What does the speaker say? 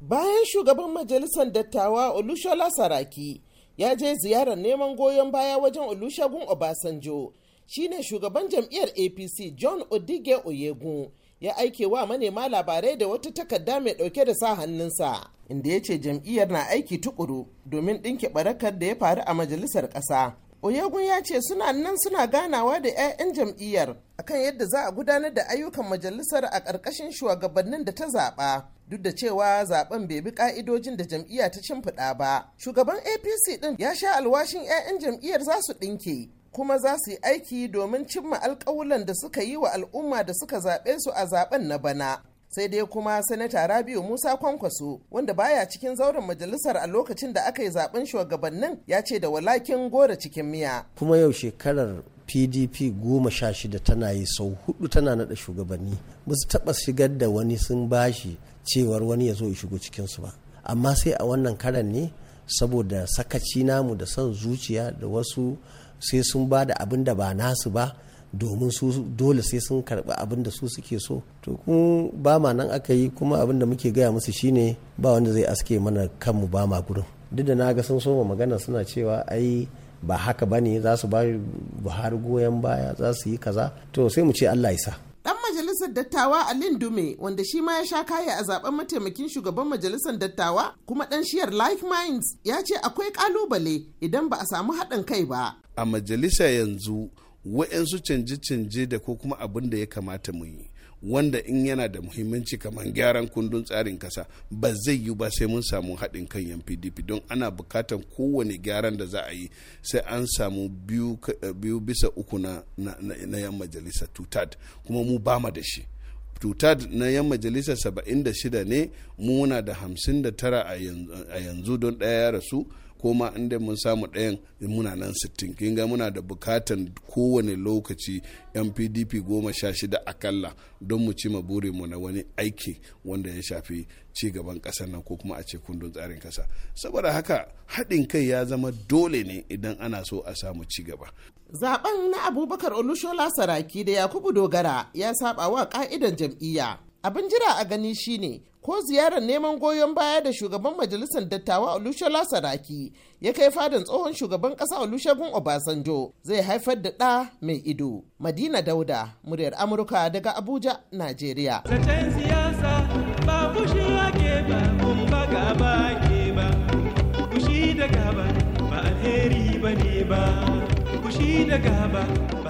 bayan shugaban majalisar dattawa olushola saraki ya je ziyarar neman goyon baya wajen olushagun obasanjo shine shugaban jam'iyyar apc john odige oyegun ya aike wa manema labarai da wata takarda mai dauke da sa hannunsa inda ya ce jam'iyyar na aiki tukuru domin dinke barakar da ya faru a majalisar ƙasa oyegun ya ce suna nan suna ganawa da 'ya'yan jam'iyyar akan yadda za a gudanar da ayyukan majalisar a ƙarƙashin shugabannin da ta zaɓa duk da cewa zaben bai bi ka'idojin da jam'iyya ta shimfiɗa ba shugaban apc din ya sha alwashin 'ya'yan jam'iyyar za su ɗinke kuma za su yi aiki domin cimma alkawulan da suka yi wa al'umma da suka zaɓe su a zaben na bana sai dai kuma sanata rabiu musa kwankwaso wanda baya cikin zauren majalisar a lokacin da aka yi zaben shugabannin ya ce da walakin gora cikin miya kuma yau shekarar pdp goma sha shida tana yi sau hudu tana nada shugabanni ba taba shigar da wani sun bashi cewar wani ya zo ya shigo cikinsu ba amma sai a wannan karan ne saboda sakaci namu da son zuciya da wasu sai sun ba da abin da ba nasu ba domin su dole sai sun karɓi abin da su suke so to kun ba ma nan aka yi kuma abin da muke gaya musu shine ba wanda zai aske mana kanmu ba ma gurin duk da na ga sun soma magana suna cewa ai ba haka ba ne za su ba buhari goyon baya za su yi kaza to sai mu ce allah ya sa dan majalisar dattawa alin dume wanda shi ma ya sha kaya a zaben mataimakin shugaban majalisar dattawa kuma dan shiyar life minds ya ce akwai kalubale idan ba a samu haɗin kai ba a majalisa yanzu wa'yansu canje-canje da ko kuma abin da ya kamata mu yi wanda in yana da muhimmanci kamar gyaran kundin tsarin kasa ba zai yi ba sai mun samu haɗin kan yan pdp don ana bukatan kowane gyaran da za a yi sai an samu biyu eh, bisa uku na, na, yan majalisa tutad kuma mu bama da shi tutad na yan majalisa 76 ne muna da 59 a yanzu don ɗaya ya rasu ko ma inda mun samu ɗayan muna nan sittin kinga muna da bukatan kowane lokaci yan pdp goma sha shida akalla don mu ci mu na wani aiki wanda ya shafi ci gaban ƙasar nan ko kuma a ce kundin tsarin ƙasa saboda haka haɗin kai ya zama dole ne idan ana so a samu ci gaba zaben na abubakar olushola saraki da yakubu dogara ya saba wa ka'idan jam'iyya abin jira a gani shine ko ziyarar neman goyon baya da shugaban majalisar dattawa olushola saraki ya kai fadin tsohon shugaban kasa Oluse-Gun obasanjo zai haifar da ɗa mai ido madina dauda muryar amurka daga abuja najeriya ba ba da